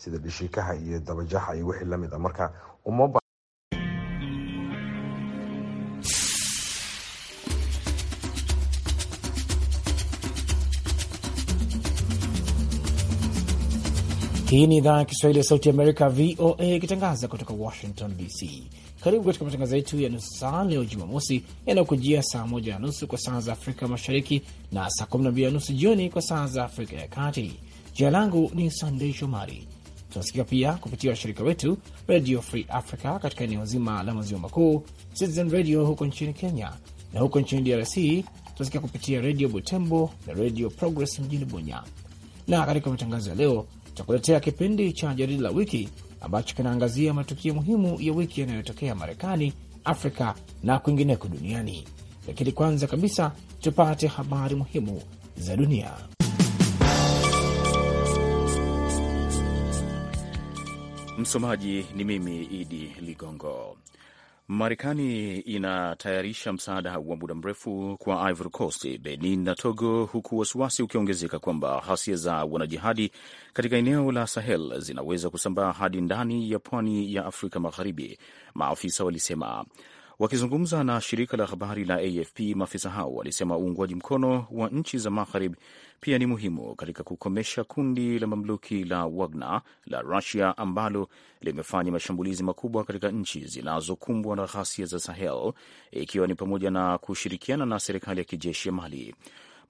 sida dhishikaha iyo dabajaxa iyo wixii lamid a ah. marka uma Hii ni idhaa ya Kiswahili ya Sauti Amerika, VOA, ikitangaza kutoka Washington DC. Karibu katika matangazo yetu ya nusu saa leo Jumamosi, yanayokujia saa moja na nusu kwa saa za Afrika Mashariki na saa kumi na mbili na nusu jioni kwa saa za Afrika ya Kati Jina langu ni Sandei Shomari. Tunasikia pia kupitia washirika wetu Radio Free Africa katika eneo zima la maziwa makuu, Citizen Radio huko nchini Kenya, na huko nchini DRC tunasikia kupitia Radio Butembo na Radio Progress mjini Bunya. Na katika matangazo ya leo tutakuletea kipindi cha jarida la wiki ambacho kinaangazia matukio muhimu ya wiki yanayotokea Marekani, Afrika na kwingineko duniani. Lakini kwanza kabisa tupate habari muhimu za dunia. Msomaji ni mimi Idi Ligongo. Marekani inatayarisha msaada wa muda mrefu kwa Ivory Coast, Benin na Togo, huku wasiwasi ukiongezeka kwamba ghasia za wanajihadi katika eneo la Sahel zinaweza kusambaa hadi ndani ya pwani ya Afrika Magharibi, maafisa walisema. Wakizungumza na shirika la habari la AFP, maafisa hao walisema uungwaji mkono wa nchi za Magharibi pia ni muhimu katika kukomesha kundi la mamluki la Wagner la Rusia ambalo limefanya mashambulizi makubwa katika nchi zinazokumbwa na ghasia za Sahel, ikiwa ni pamoja na kushirikiana na serikali ya kijeshi ya Mali.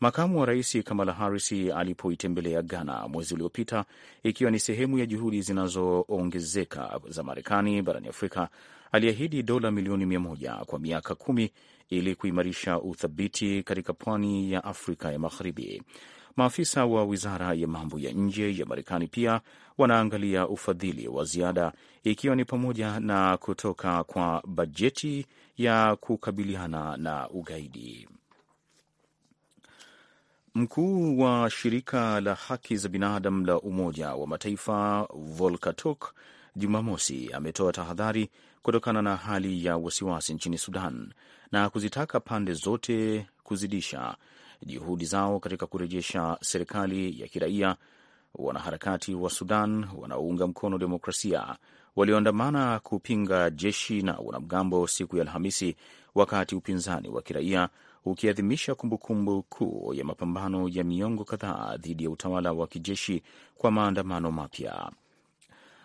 Makamu wa rais Kamala Harris alipoitembelea Ghana mwezi uliopita, ikiwa ni sehemu ya juhudi zinazoongezeka za Marekani barani Afrika aliahidi dola milioni mia moja kwa miaka kumi ili kuimarisha uthabiti katika pwani ya Afrika ya Magharibi. Maafisa wa wizara ya mambo ya nje ya Marekani pia wanaangalia ufadhili wa ziada, ikiwa ni pamoja na kutoka kwa bajeti ya kukabiliana na ugaidi. Mkuu wa shirika la haki za binadamu la Umoja wa Mataifa Volker Turk Jumamosi ametoa tahadhari kutokana na hali ya wasiwasi nchini Sudan na kuzitaka pande zote kuzidisha juhudi zao katika kurejesha serikali ya kiraia. Wanaharakati wa Sudan wanaounga mkono demokrasia walioandamana kupinga jeshi na wanamgambo siku ya Alhamisi, wakati upinzani wa kiraia ukiadhimisha kumbukumbu kuu ya mapambano ya miongo kadhaa dhidi ya utawala wa kijeshi kwa maandamano mapya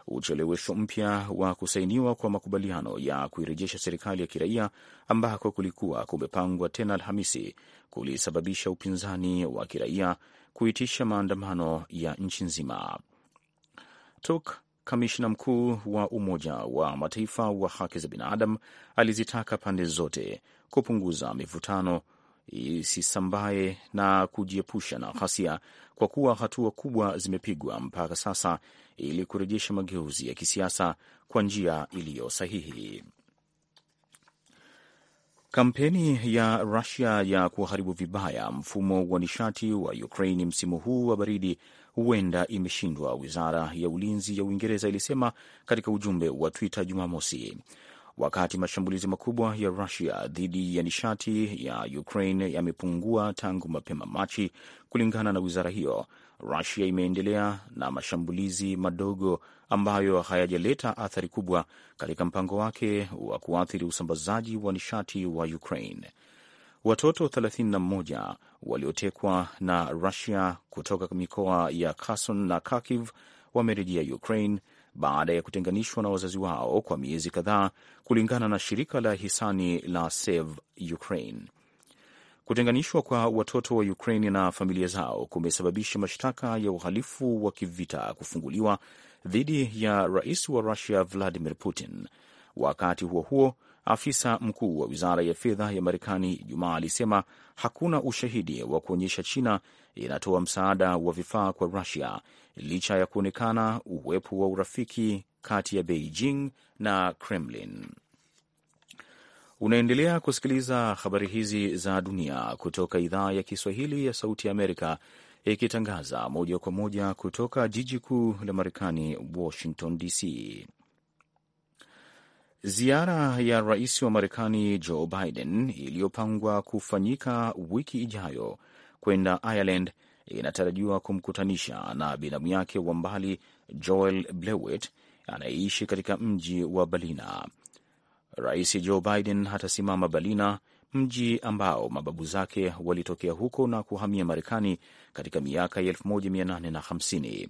uchelewesho mpya wa kusainiwa kwa makubaliano ya kuirejesha serikali ya kiraia ambako kulikuwa kumepangwa tena Alhamisi kulisababisha upinzani wa kiraia kuitisha maandamano ya nchi nzima. tuk kamishna mkuu wa Umoja wa Mataifa wa haki za binadamu, alizitaka pande zote kupunguza mivutano isisambae na kujiepusha na ghasia, kwa kuwa hatua kubwa zimepigwa mpaka sasa ili kurejesha mageuzi ya kisiasa kwa njia iliyo sahihi. Kampeni ya Rusia ya kuharibu vibaya mfumo wa nishati wa Ukraini msimu huu wa baridi huenda imeshindwa, wizara ya ulinzi ya Uingereza ilisema katika ujumbe wa Twitter Jumamosi wakati mashambulizi makubwa ya Rusia dhidi ya nishati ya Ukraine yamepungua tangu mapema Machi. Kulingana na wizara hiyo, Rusia imeendelea na mashambulizi madogo ambayo hayajaleta athari kubwa katika mpango wake wa kuathiri usambazaji wa nishati wa Ukraine. Watoto 31 waliotekwa na Rusia kutoka mikoa ya Kherson na Kharkiv wamerejea Ukraine baada ya kutenganishwa na wazazi wao kwa miezi kadhaa, kulingana na shirika la hisani la Save Ukraine. Kutenganishwa kwa watoto wa Ukraine na familia zao kumesababisha mashtaka ya uhalifu wa kivita kufunguliwa dhidi ya rais wa Rusia Vladimir Putin. Wakati huo huo, afisa mkuu wa wizara ya fedha ya Marekani Ijumaa alisema hakuna ushahidi wa kuonyesha China inatoa msaada wa vifaa kwa Rusia licha ya kuonekana uwepo wa urafiki kati ya Beijing na Kremlin. Unaendelea kusikiliza habari hizi za dunia kutoka idhaa ya Kiswahili ya Sauti ya Amerika, ikitangaza moja kwa moja kutoka jiji kuu la Marekani, Washington DC. Ziara ya rais wa Marekani Joe Biden iliyopangwa kufanyika wiki ijayo kwenda Ireland inatarajiwa kumkutanisha na binamu yake wa mbali Joel blewit anayeishi katika mji wa Balina. Rais Joe Biden hatasimama Balina, mji ambao mababu zake walitokea huko na kuhamia Marekani katika miaka ya 1850.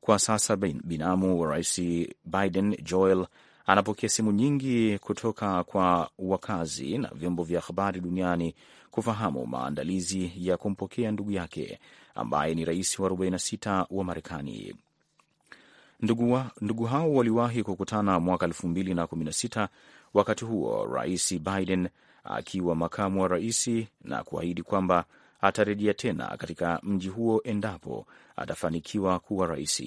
Kwa sasa binamu wa rais Biden, Joel, anapokea simu nyingi kutoka kwa wakazi na vyombo vya habari duniani kufahamu maandalizi ya kumpokea ndugu yake ambaye ni rais wa 46 wa Marekani. Ndugu, wa, ndugu hao waliwahi kukutana mwaka 2016 wakati huo Rais Biden akiwa makamu wa rais na kuahidi kwamba atarejea tena katika mji huo endapo atafanikiwa kuwa rais.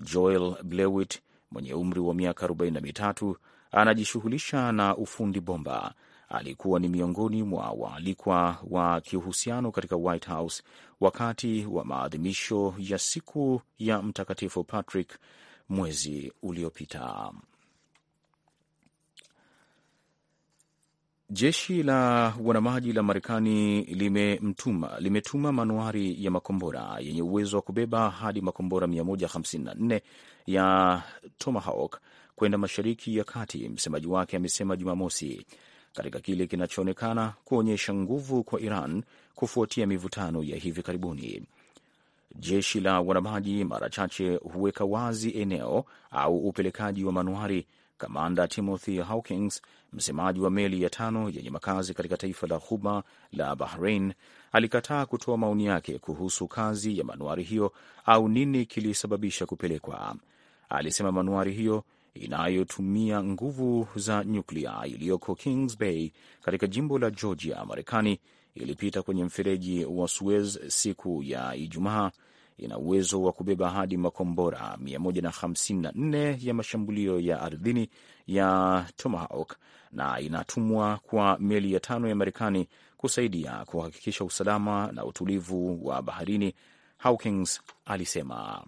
Joel Blewit mwenye umri wa miaka 43 anajishughulisha na ufundi bomba alikuwa ni miongoni mwa waalikwa wa kiuhusiano katika White House wakati wa maadhimisho ya siku ya Mtakatifu Patrick mwezi uliopita. Jeshi la wanamaji la Marekani limetuma limetuma manuari ya makombora yenye uwezo wa kubeba hadi makombora 154 ya Tomahawk kwenda Mashariki ya Kati, msemaji wake amesema Jumamosi katika kile kinachoonekana kuonyesha nguvu kwa Iran kufuatia mivutano ya hivi karibuni. Jeshi la wanamaji mara chache huweka wazi eneo au upelekaji wa manuari. Kamanda Timothy Hawkins, msemaji wa meli ya tano yenye makazi katika taifa la Ghuba la Bahrain, alikataa kutoa maoni yake kuhusu kazi ya manuari hiyo au nini kilisababisha kupelekwa. Alisema manuari hiyo inayotumia nguvu za nyuklia iliyoko Kings Bay katika jimbo la Georgia, Marekani, ilipita kwenye mfereji wa Suez siku ya Ijumaa. Ina uwezo wa kubeba hadi makombora 154 ya mashambulio ya ardhini ya Tomahawk na inatumwa kwa meli ya tano ya Marekani kusaidia kuhakikisha usalama na utulivu wa baharini, Hawkins alisema.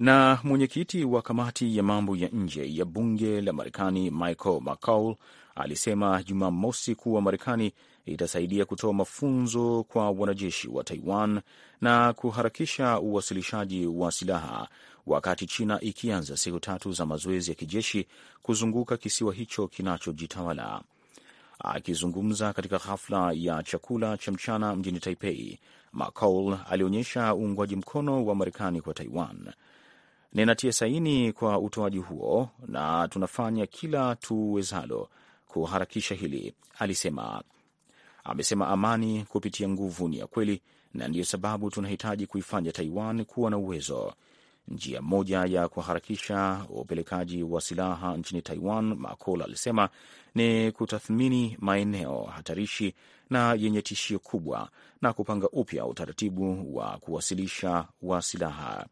Na mwenyekiti wa kamati ya mambo ya nje ya bunge la Marekani Michael McCaul alisema Jumamosi kuwa Marekani itasaidia kutoa mafunzo kwa wanajeshi wa Taiwan na kuharakisha uwasilishaji wa silaha wakati China ikianza siku tatu za mazoezi ya kijeshi kuzunguka kisiwa hicho kinachojitawala. Akizungumza katika hafla ya chakula cha mchana mjini Taipei, McCaul alionyesha uungwaji mkono wa Marekani kwa Taiwan. Ninatia saini kwa utoaji huo na tunafanya kila tuwezalo kuharakisha hili, alisema. Amesema amani kupitia nguvu ni ya kweli, na ndiyo sababu tunahitaji kuifanya Taiwan kuwa na uwezo. Njia moja ya kuharakisha upelekaji wa silaha nchini Taiwan, Makol alisema, ni kutathmini maeneo hatarishi na yenye tishio kubwa na kupanga upya utaratibu wa kuwasilisha wa silaha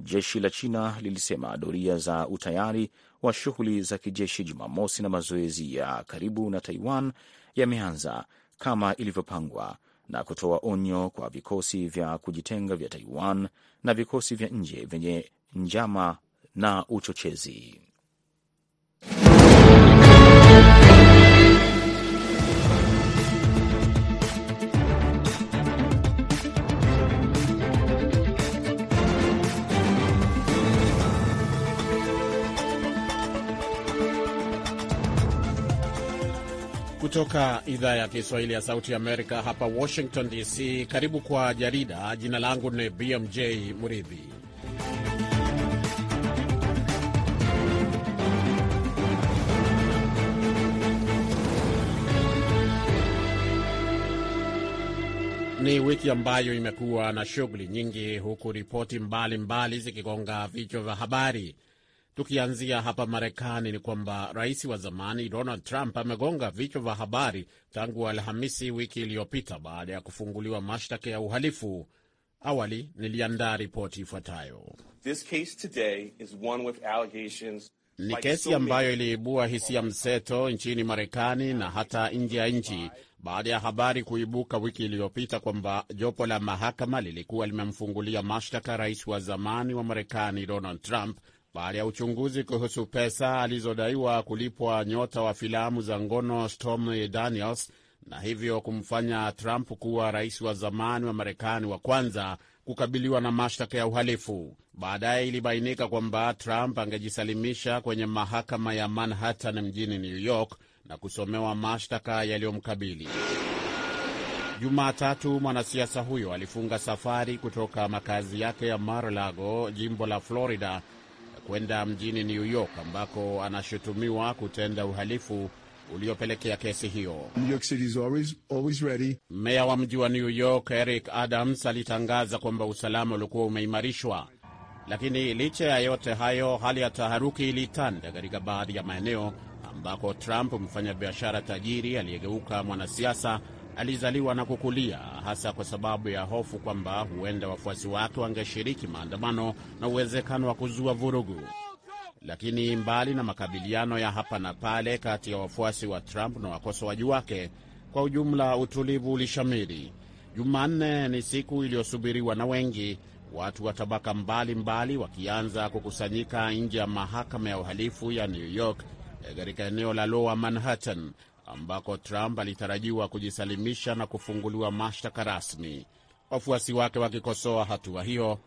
jeshi la China lilisema doria za utayari wa shughuli za kijeshi Jumamosi na mazoezi ya karibu na Taiwan yameanza kama ilivyopangwa na kutoa onyo kwa vikosi vya kujitenga vya Taiwan na vikosi vya nje vyenye njama na uchochezi. Kutoka idhaa ya Kiswahili ya Sauti ya Amerika hapa Washington DC, karibu kwa jarida. Jina langu ni BMJ Muridhi. Ni wiki ambayo imekuwa na shughuli nyingi, huku ripoti mbalimbali zikigonga vichwa vya habari. Tukianzia hapa Marekani, ni kwamba rais wa zamani Donald Trump amegonga vichwa vya habari tangu Alhamisi wiki iliyopita baada ya kufunguliwa mashtaka ya uhalifu. Awali niliandaa ripoti ifuatayo. Ni kesi ambayo iliibua hisia mseto nchini Marekani na hata nje ya nchi baada ya habari kuibuka wiki iliyopita kwamba jopo la mahakama lilikuwa limemfungulia mashtaka rais wa zamani wa Marekani Donald Trump baada ya uchunguzi kuhusu pesa alizodaiwa kulipwa nyota wa filamu za ngono Stormy Daniels na hivyo kumfanya Trump kuwa rais wa zamani wa Marekani wa kwanza kukabiliwa na mashtaka ya uhalifu. Baadaye ilibainika kwamba Trump angejisalimisha kwenye mahakama ya Manhattan mjini New York na kusomewa mashtaka yaliyomkabili. Jumatatu, mwanasiasa huyo alifunga safari kutoka makazi yake ya Mar-a-Lago, jimbo la Florida kwenda mjini New York ambako anashutumiwa kutenda uhalifu uliopelekea kesi hiyo. Meya wa mji wa New York Eric Adams alitangaza kwamba usalama ulikuwa umeimarishwa, lakini licha ya yote hayo, hali ya taharuki ilitanda katika baadhi ya maeneo ambako Trump, mfanyabiashara tajiri aliyegeuka mwanasiasa, alizaliwa na kukulia, hasa kwa sababu ya hofu kwamba huenda wafuasi wake wangeshiriki maandamano na uwezekano wa kuzua vurugu. Lakini mbali na makabiliano ya hapa na pale kati ya wafuasi wa Trump na wakosoaji wake, kwa ujumla utulivu ulishamiri. Jumanne ni siku iliyosubiriwa na wengi, watu wa tabaka mbalimbali wakianza kukusanyika nje ya mahakama ya uhalifu ya New York katika eneo la Lower Manhattan ambako Trump alitarajiwa kujisalimisha na kufunguliwa mashtaka rasmi, wafuasi wake wakikosoa hatua hiyo,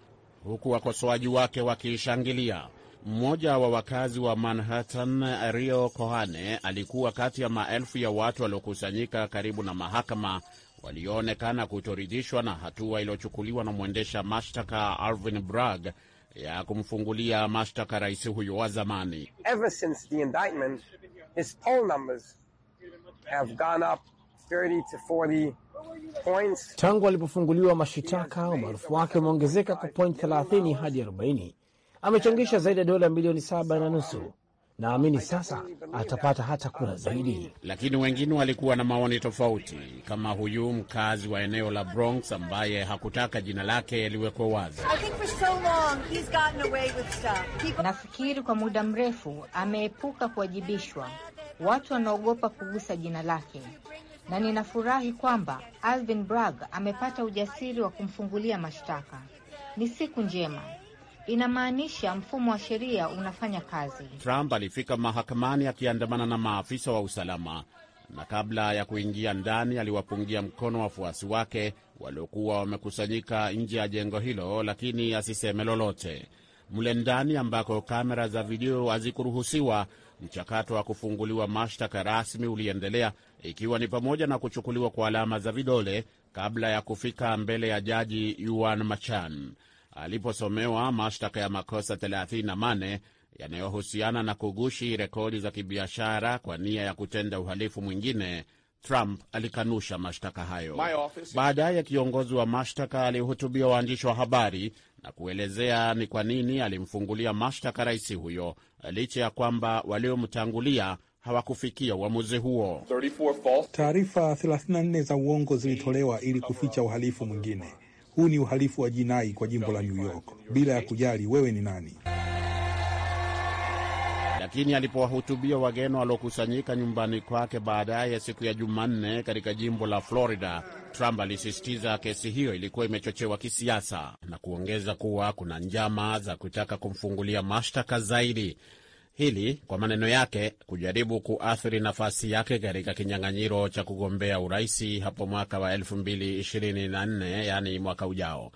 huku wakosoaji wake wakiishangilia. Mmoja wa wakazi wa Manhattan, Rio Kohane, alikuwa kati ya maelfu ya watu waliokusanyika karibu na mahakama walioonekana kutoridhishwa na hatua iliyochukuliwa na mwendesha mashtaka Alvin Bragg ya kumfungulia mashtaka rais huyo wa zamani. Ever since the indictment, his poll numbers have gone up 30 to 40 points. Tangu alipofunguliwa mashitaka umaarufu wake umeongezeka kwa point 30 hadi 40. Amechangisha zaidi ya dola milioni saba na nusu. Naamini sasa atapata hata kura zaidi, lakini wengine walikuwa na maoni tofauti, kama huyu mkazi wa eneo la Bronx ambaye hakutaka jina lake liwekwe wazi. So nafikiri kwa muda mrefu ameepuka kuwajibishwa watu wanaogopa kugusa jina lake, na ninafurahi kwamba Alvin Bragg amepata ujasiri wa kumfungulia mashtaka. Ni siku njema, inamaanisha mfumo wa sheria unafanya kazi. Trump alifika mahakamani akiandamana na maafisa wa usalama na kabla ya kuingia ndani aliwapungia mkono wafuasi wake waliokuwa wamekusanyika nje ya jengo hilo, lakini asiseme lolote mle ndani ambako kamera za video hazikuruhusiwa. Mchakato wa kufunguliwa mashtaka rasmi uliendelea, ikiwa ni pamoja na kuchukuliwa kwa alama za vidole kabla ya kufika mbele ya jaji Yuan Machan aliposomewa mashtaka ya makosa 38 yanayohusiana na kugushi rekodi za kibiashara kwa nia ya kutenda uhalifu mwingine Trump alikanusha mashtaka hayo. Baadaye kiongozi wa mashtaka alihutubia waandishi wa habari na kuelezea ni kwa nini alimfungulia mashtaka rais huyo licha ya kwamba waliomtangulia hawakufikia uamuzi huo. Taarifa 34 za uongo zilitolewa ili kuficha uhalifu mwingine. Huu ni uhalifu wa jinai kwa jimbo la New York, bila ya kujali wewe ni nani. Lakini alipowahutubia wageni waliokusanyika nyumbani kwake baadaye siku ya Jumanne katika jimbo la Florida, Trump alisisitiza kesi hiyo ilikuwa imechochewa kisiasa na kuongeza kuwa kuna njama za kutaka kumfungulia mashtaka zaidi hili kwa maneno yake kujaribu kuathiri nafasi yake katika kinyang'anyiro cha kugombea uraisi hapo mwaka wa 2024 yaani mwaka ujao.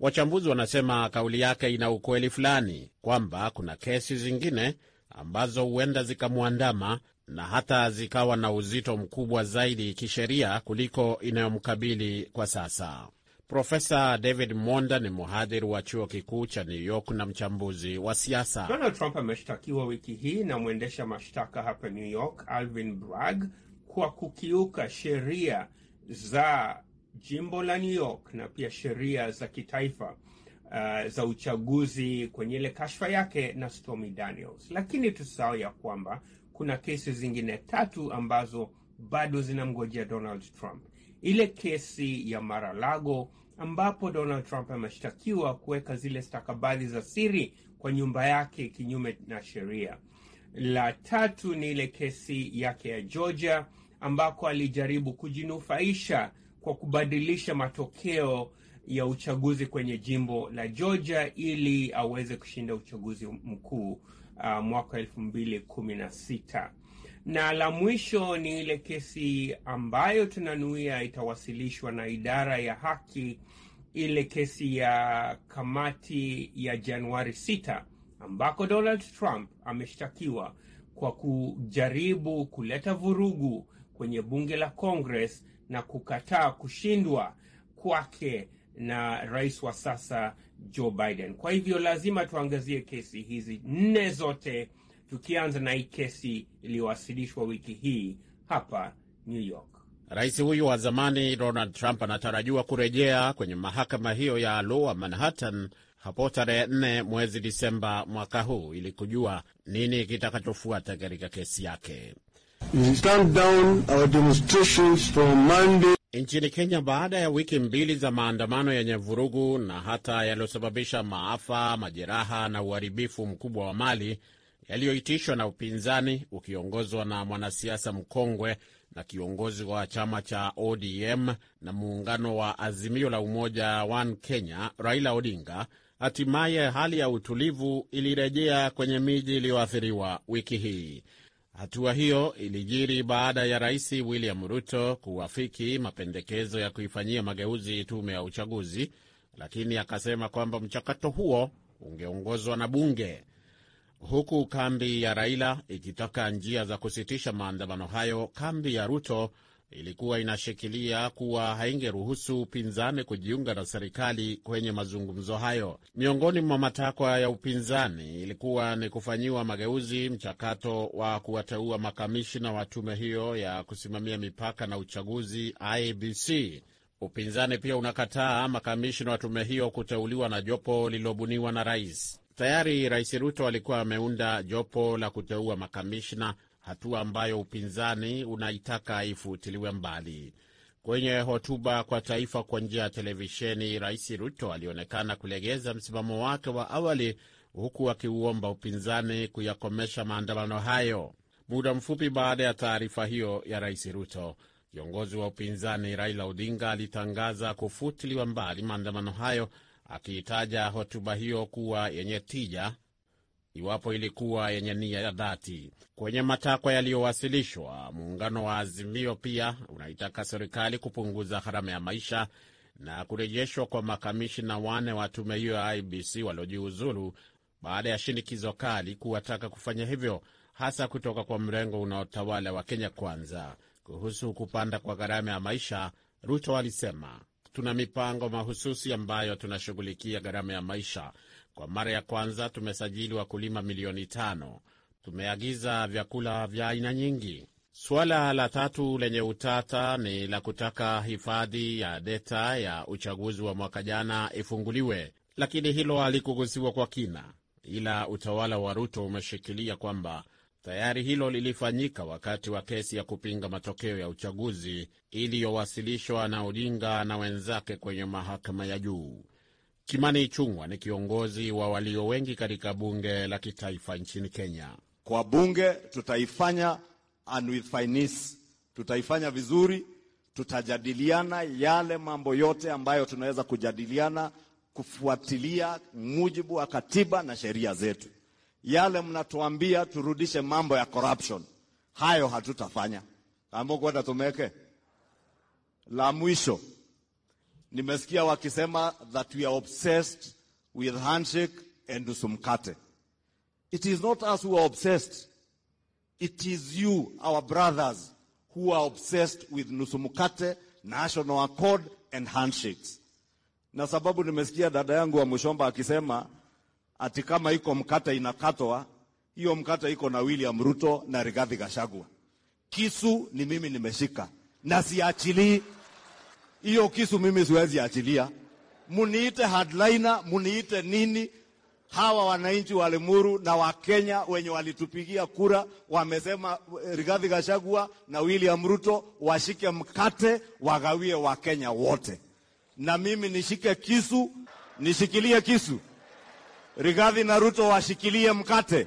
Wachambuzi wanasema kauli yake ina ukweli fulani kwamba kuna kesi zingine ambazo huenda zikamwandama na hata zikawa na uzito mkubwa zaidi kisheria kuliko inayomkabili kwa sasa. Profesa David Monda ni mhadhiri wa chuo kikuu cha New York na mchambuzi wa siasa. Donald Trump ameshtakiwa wiki hii na mwendesha mashtaka hapa New York Alvin Bragg kwa kukiuka sheria za jimbo la New York na pia sheria za kitaifa uh, za uchaguzi kwenye ile kashfa yake na Stormy Daniels, lakini tusahau ya kwamba kuna kesi zingine tatu ambazo bado zinamgojea Donald Trump. Ile kesi ya Maralago ambapo Donald Trump ameshtakiwa kuweka zile stakabadhi za siri kwa nyumba yake kinyume na sheria. La tatu ni ile kesi yake ya Georgia ambako alijaribu kujinufaisha kwa kubadilisha matokeo ya uchaguzi kwenye jimbo la Georgia ili aweze kushinda uchaguzi mkuu uh, mwaka elfu mbili kumi na sita. Na la mwisho ni ile kesi ambayo tunanuia itawasilishwa na idara ya haki, ile kesi ya kamati ya Januari 6 ambako Donald Trump ameshtakiwa kwa kujaribu kuleta vurugu kwenye bunge la Congress na kukataa kushindwa kwake na rais wa sasa Joe Biden. Kwa hivyo lazima tuangazie kesi hizi nne zote, tukianza na hii kesi iliyowasilishwa wiki hii hapa New York. Rais huyu wa zamani Donald Trump anatarajiwa kurejea kwenye mahakama hiyo ya Lower Manhattan hapo tarehe nne mwezi Disemba mwaka huu ili kujua nini kitakachofuata katika kesi yake. Nchini Kenya, baada ya wiki mbili za maandamano yenye vurugu na hata yaliyosababisha maafa, majeraha na uharibifu mkubwa wa mali yaliyoitishwa na upinzani ukiongozwa na mwanasiasa mkongwe na kiongozi wa chama cha ODM na muungano wa Azimio la Umoja One Kenya, Raila Odinga, hatimaye hali ya utulivu ilirejea kwenye miji iliyoathiriwa wiki hii. Hatua hiyo ilijiri baada ya Rais William Ruto kuwafiki mapendekezo ya kuifanyia mageuzi tume ya uchaguzi, lakini akasema kwamba mchakato huo ungeongozwa na bunge, huku kambi ya Raila ikitaka njia za kusitisha maandamano hayo. Kambi ya Ruto ilikuwa inashikilia kuwa haingeruhusu upinzani kujiunga na serikali kwenye mazungumzo hayo. Miongoni mwa matakwa ya upinzani ilikuwa ni kufanyiwa mageuzi mchakato wa kuwateua makamishna wa tume hiyo ya kusimamia mipaka na uchaguzi ibc Upinzani pia unakataa makamishina wa tume hiyo kuteuliwa na jopo lililobuniwa na rais. Tayari Rais Ruto alikuwa ameunda jopo la kuteua makamishna hatua ambayo upinzani unaitaka ifutiliwe mbali. Kwenye hotuba kwa taifa kwa njia ya televisheni, Rais Ruto alionekana kulegeza msimamo wake wa awali, huku akiuomba upinzani kuyakomesha maandamano hayo. Muda mfupi baada ya taarifa hiyo ya Rais Ruto, kiongozi wa upinzani Raila Odinga alitangaza kufutiliwa mbali maandamano hayo, akiitaja hotuba hiyo kuwa yenye tija iwapo ilikuwa yenye nia ya dhati. Kwenye matakwa yaliyowasilishwa, muungano wa Azimio pia unaitaka serikali kupunguza gharama ya maisha na kurejeshwa kwa makamishina wane wa tume hiyo ya IBC waliojiuzulu baada ya shinikizo kali kuwataka kufanya hivyo, hasa kutoka kwa mrengo unaotawala wa Kenya Kwanza. Kuhusu kupanda kwa gharama ya maisha, Ruto alisema, tuna mipango mahususi ambayo tunashughulikia gharama ya maisha kwa mara ya kwanza tumesajili wakulima milioni tano. Tumeagiza vyakula vya aina nyingi. Suala la tatu lenye utata ni la kutaka hifadhi ya deta ya uchaguzi wa mwaka jana ifunguliwe, lakini hilo halikugusiwa kwa kina, ila utawala wa Ruto umeshikilia kwamba tayari hilo lilifanyika wakati wa kesi ya kupinga matokeo ya uchaguzi iliyowasilishwa na Odinga na wenzake kwenye mahakama ya juu. Kimani Ichung'wa ni kiongozi wa walio wengi katika bunge la kitaifa nchini Kenya. Kwa bunge tutaifanya and with tutaifanya vizuri, tutajadiliana yale mambo yote ambayo tunaweza kujadiliana kufuatilia mujibu wa katiba na sheria zetu. Yale mnatuambia turudishe mambo ya corruption, hayo hatutafanya. Ambokwenda tumeke la mwisho Nimesikia wakisema that we are obsessed with handshake and usumkate. It is not us who are obsessed. It is you, our brothers, who are obsessed with nusumkate, national accord and handshakes. Na sababu nimesikia dada yangu wa Mushomba akisema ati kama iko mkate inakatwa, hiyo mkate iko na William Ruto na Rigathi Gachagua. Kisu ni mimi nimeshika na siachilii hiyo kisu mimi siwezi achilia. Muniite hardliner, muniite nini, hawa wananchi wa Limuru na Wakenya wenye walitupigia kura wamesema eh, Rigathi Gachagua na William Ruto washike mkate wagawie Wakenya wote, na mimi nishike kisu, nishikilie kisu. Rigathi na Ruto washikilie mkate,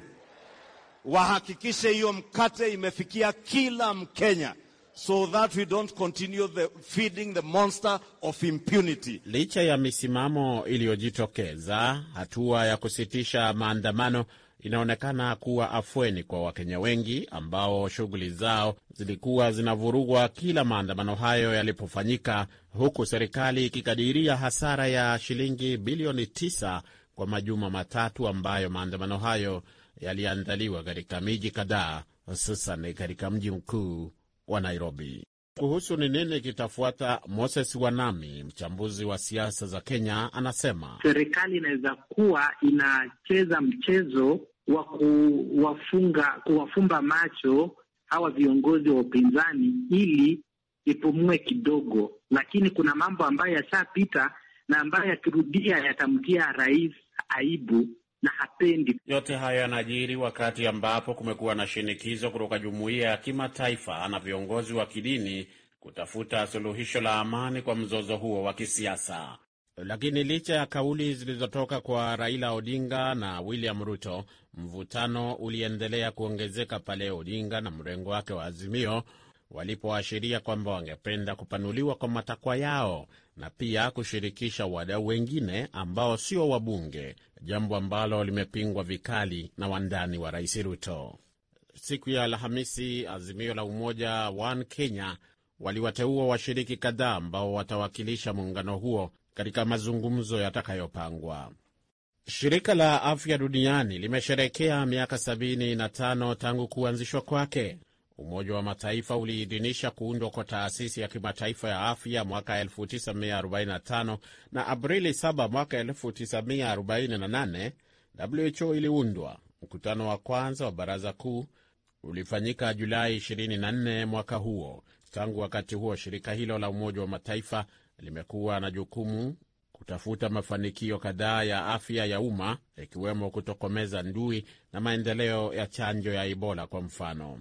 wahakikishe hiyo mkate imefikia kila Mkenya. So that we don't continue the feeding the monster of impunity. Licha ya misimamo iliyojitokeza, hatua ya kusitisha maandamano inaonekana kuwa afueni kwa Wakenya wengi ambao shughuli zao zilikuwa zinavurugwa kila maandamano hayo yalipofanyika, huku serikali ikikadiria hasara ya shilingi bilioni tisa kwa majuma matatu ambayo maandamano hayo yaliandaliwa katika miji kadhaa, hususan katika mji mkuu wa Nairobi. Kuhusu ni nini kitafuata, Moses Wanami, mchambuzi wa siasa za Kenya, anasema serikali inaweza kuwa inacheza mchezo wa kuwafunga kuwafumba macho hawa viongozi wa upinzani ili ipumue kidogo, lakini kuna mambo ambayo yashapita na ambayo yakirudia yatamtia rais aibu na hapendi. Yote haya yanajiri wakati ambapo kumekuwa na shinikizo kutoka jumuiya ya kimataifa na viongozi wa kidini kutafuta suluhisho la amani kwa mzozo huo wa kisiasa. Lakini licha ya kauli zilizotoka kwa Raila Odinga na William Ruto, mvutano uliendelea kuongezeka pale Odinga na mrengo wake wa Azimio walipoashiria kwamba wangependa kupanuliwa kwa matakwa yao na pia kushirikisha wadau wengine ambao sio wabunge, jambo ambalo limepingwa vikali na wandani wa Rais Ruto. Siku ya Alhamisi, Azimio la Umoja One Kenya waliwateua washiriki kadhaa ambao watawakilisha muungano huo katika mazungumzo yatakayopangwa. Shirika la Afya Duniani limesherekea miaka 75 tangu kuanzishwa kwake. Umoja wa Mataifa uliidhinisha kuundwa kwa taasisi ya kimataifa ya afya mwaka 1945 na Aprili 7 mwaka 1948 WHO iliundwa. Mkutano wa kwanza wa baraza kuu ulifanyika Julai 24 mwaka huo. Tangu wakati huo, shirika hilo la Umoja wa Mataifa limekuwa na jukumu kutafuta mafanikio kadhaa ya afya ya umma ikiwemo kutokomeza ndui na maendeleo ya chanjo ya Ebola kwa mfano.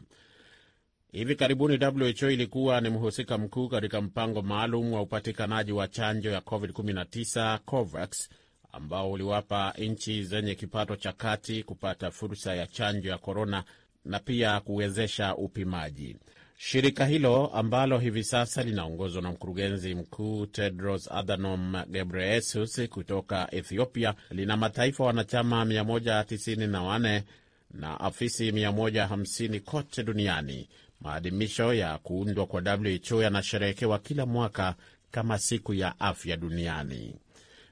Hivi karibuni WHO ilikuwa ni mhusika mkuu katika mpango maalum wa upatikanaji wa chanjo ya COVID-19 COVAX ambao uliwapa nchi zenye kipato cha kati kupata fursa ya chanjo ya korona na pia kuwezesha upimaji. Shirika hilo ambalo hivi sasa linaongozwa na mkurugenzi mkuu Tedros Adhanom Ghebreyesus kutoka Ethiopia lina mataifa wanachama 194 na afisi 150 kote duniani. Maadhimisho ya kuundwa kwa WHO yanasherehekewa kila mwaka kama siku ya afya duniani.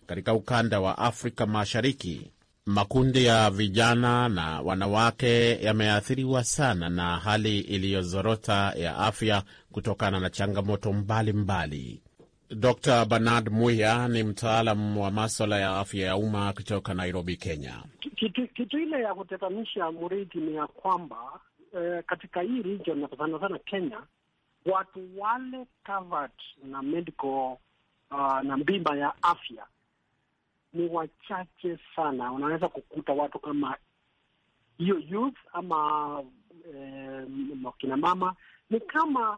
Katika ukanda wa Afrika Mashariki, makundi ya vijana na wanawake yameathiriwa sana na hali iliyozorota ya afya kutokana na changamoto mbalimbali. Dr Bernard Muya ni mtaalamu wa maswala ya afya ya umma kutoka Nairobi, Kenya. Kitu ile ya kutetanisha Muridi ni ya kwamba eh, katika hii region na sana sana Kenya, watu wale covered na medical uh, na bima ya afya ni wachache sana. Unaweza kukuta watu kama hiyo youth ama eh, wakina mama ni kama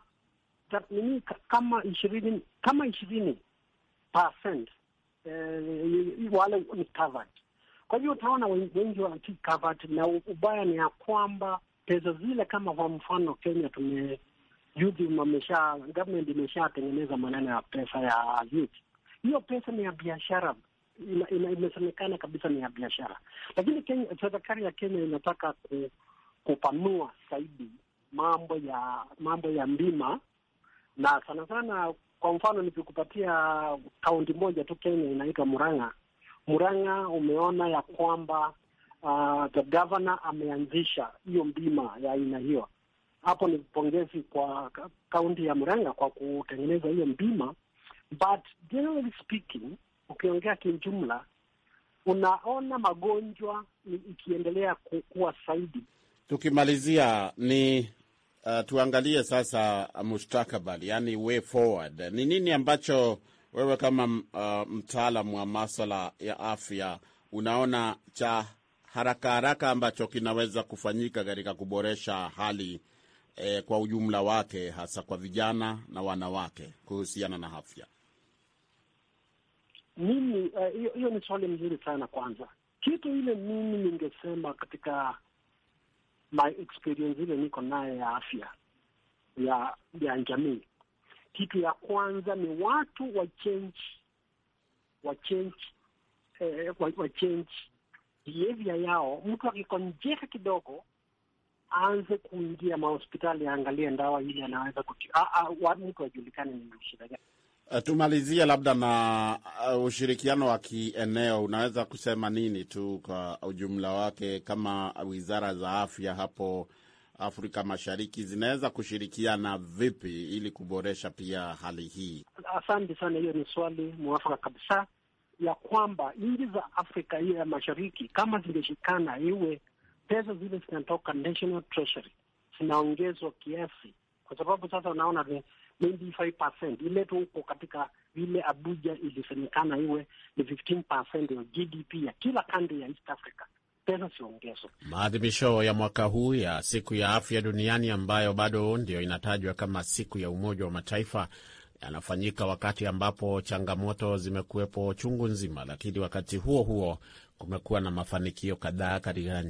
tathmini kama ishirini kama ishirini percent eh, wale ni covered. Kwa hivyo utaona wengi hawati covered, na ubaya ni ya kwamba pesa zile, kama kwa mfano Kenya tume juzi mamesha government imeshatengeneza maneno ya pesa ya youth. Hiyo pesa ni ya biashara, imesemekana kabisa ni ya biashara, lakini serikali ya Kenya inataka ku, kupanua zaidi mambo ya mambo ya bima na sana sana, kwa mfano nikikupatia kaunti moja tu Kenya inaitwa Murang'a. Murang'a umeona ya kwamba uh, the governor ameanzisha hiyo bima ya aina hiyo. Hapo ni pongezi kwa kaunti ya Murang'a kwa kutengeneza hiyo bima, but generally speaking, ukiongea kijumla, unaona magonjwa ikiendelea kuwa zaidi. Tukimalizia ni uh, tuangalie sasa mustakabali, yani way forward, ni nini ambacho wewe kama uh, mtaalamu wa maswala ya afya unaona cha haraka haraka ambacho kinaweza kufanyika katika kuboresha hali eh, kwa ujumla wake hasa kwa vijana na wanawake kuhusiana na afya? Mimi eh, hiyo uh, ni swali mzuri sana. Kwanza kitu ile mimi ningesema katika my experience ile niko naye ya afya ya ya jamii, kitu ya kwanza ni watu wa change wa change eh, wa change behavior yao, mtu akikonjeka kidogo aanze kuingia mahospitali aangalie ndawa ili anaweza kuti, mtu ajulikane ni shida gani. Eh, tumalizie labda na uh, ushirikiano wa kieneo, unaweza kusema nini tu kwa ujumla wake, kama wizara za afya hapo Afrika Mashariki zinaweza kushirikiana vipi ili kuboresha pia hali hii? Asante sana, hiyo ni swali mwafaka kabisa ya kwamba nchi za Afrika hiyo ya mashariki kama zingeshikana, iwe pesa zile zinatoka national treasury zinaongezwa kiasi, kwa sababu sasa unaona ni 95% huko katika vile Abuja ilisemekana iwe ni 15% ya GDP ya kila kandi ya East Africa. Maadhimisho ya mwaka huu ya siku ya afya duniani ambayo bado ndio inatajwa kama siku ya Umoja wa Mataifa yanafanyika wakati ambapo changamoto zimekuwepo chungu nzima, lakini wakati huo huo kumekuwa na mafanikio kadhaa katika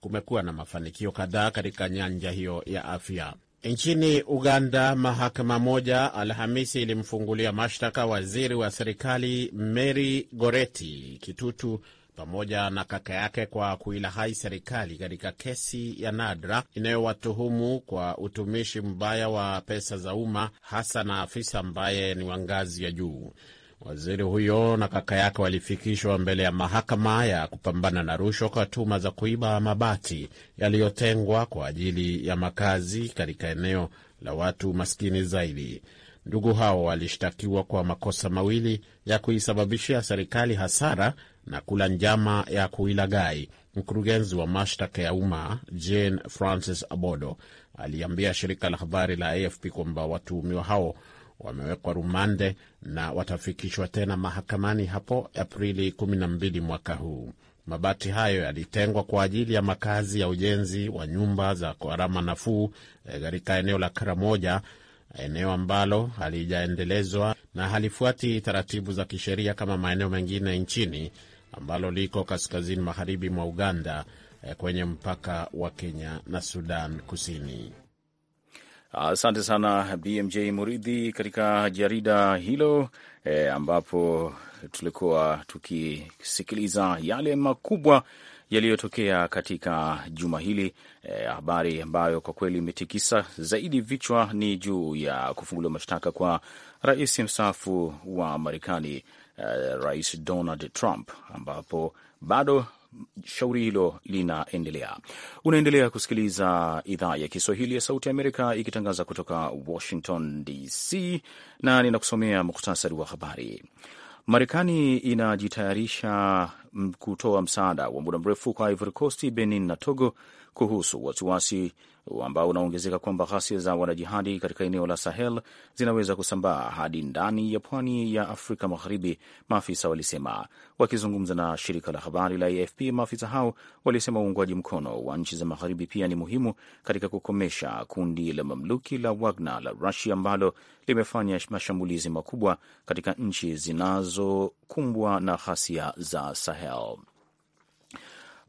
kumekuwa na mafanikio kadhaa katika nyanja hiyo ya afya. Nchini Uganda, mahakama moja Alhamisi ilimfungulia mashtaka waziri wa serikali Mary Goretti Kitutu pamoja na kaka yake kwa kuilahai serikali katika kesi ya Nadra inayowatuhumu kwa utumishi mbaya wa pesa za umma, hasa na afisa ambaye ni wa ngazi ya juu. Waziri huyo na kaka yake walifikishwa mbele ya mahakama ya kupambana na rushwa kwa tuhuma za kuiba mabati yaliyotengwa kwa ajili ya makazi katika eneo la watu maskini zaidi. Ndugu hao walishtakiwa kwa makosa mawili ya kuisababishia serikali hasara na kula njama ya kuilaghai. Mkurugenzi wa mashtaka ya umma Jane Francis Abodo aliambia shirika la habari la AFP kwamba watuhumiwa hao wamewekwa rumande na watafikishwa tena mahakamani hapo Aprili 12 mwaka huu. Mabati hayo yalitengwa kwa ajili ya makazi ya ujenzi wa nyumba za gharama nafuu eh, katika eneo la Karamoja eneo ambalo halijaendelezwa na halifuati taratibu za kisheria kama maeneo mengine nchini, ambalo liko kaskazini magharibi mwa Uganda eh, kwenye mpaka wa Kenya na Sudan Kusini. Asante sana BMJ Muridhi katika jarida hilo eh, ambapo tulikuwa tukisikiliza yale makubwa yaliyotokea katika juma hili eh, habari ambayo kwa kweli imetikisa zaidi vichwa ni juu ya kufunguliwa mashtaka kwa rais mstaafu wa Marekani eh, Rais Donald Trump, ambapo bado shauri hilo linaendelea. Unaendelea kusikiliza idhaa ya Kiswahili ya Sauti ya Amerika ikitangaza kutoka Washington DC, na ninakusomea muhtasari wa habari. Marekani inajitayarisha kutoa msaada wa muda mrefu kwa Ivory Coast, Benin na Togo kuhusu wasiwasi ambao unaongezeka kwamba ghasia za wanajihadi katika eneo la Sahel zinaweza kusambaa hadi ndani ya pwani ya Afrika Magharibi, maafisa walisema. Wakizungumza na shirika la habari la AFP, maafisa hao walisema uungwaji mkono wa nchi za magharibi pia ni muhimu katika kukomesha kundi la mamluki la Wagner la Rusia ambalo limefanya mashambulizi makubwa katika nchi zinazokumbwa na ghasia za Sahel.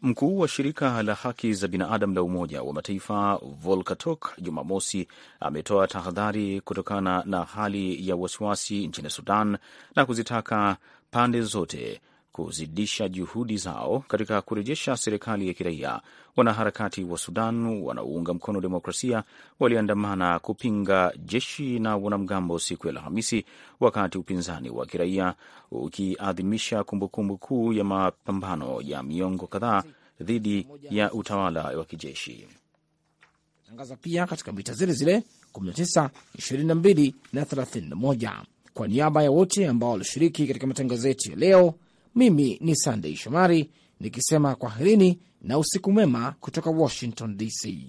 Mkuu wa shirika la haki za binadamu la Umoja wa Mataifa Volker Turk Jumamosi ametoa tahadhari kutokana na hali ya wasiwasi nchini Sudan na kuzitaka pande zote kuzidisha juhudi zao katika kurejesha serikali ya kiraia. Wanaharakati wa Sudan wanaounga mkono demokrasia waliandamana kupinga jeshi na wanamgambo siku ya Alhamisi, wakati upinzani wa kiraia ukiadhimisha kumbukumbu kuu ya mapambano ya miongo kadhaa dhidi ya utawala wa kijeshi. Tangaza pia katika mita zile zile 19, 22 na 31. Kwa niaba ya wote ambao walishiriki katika matangazo yetu ya leo mimi ni Sandei Shomari nikisema kwaherini na usiku mwema kutoka Washington DC.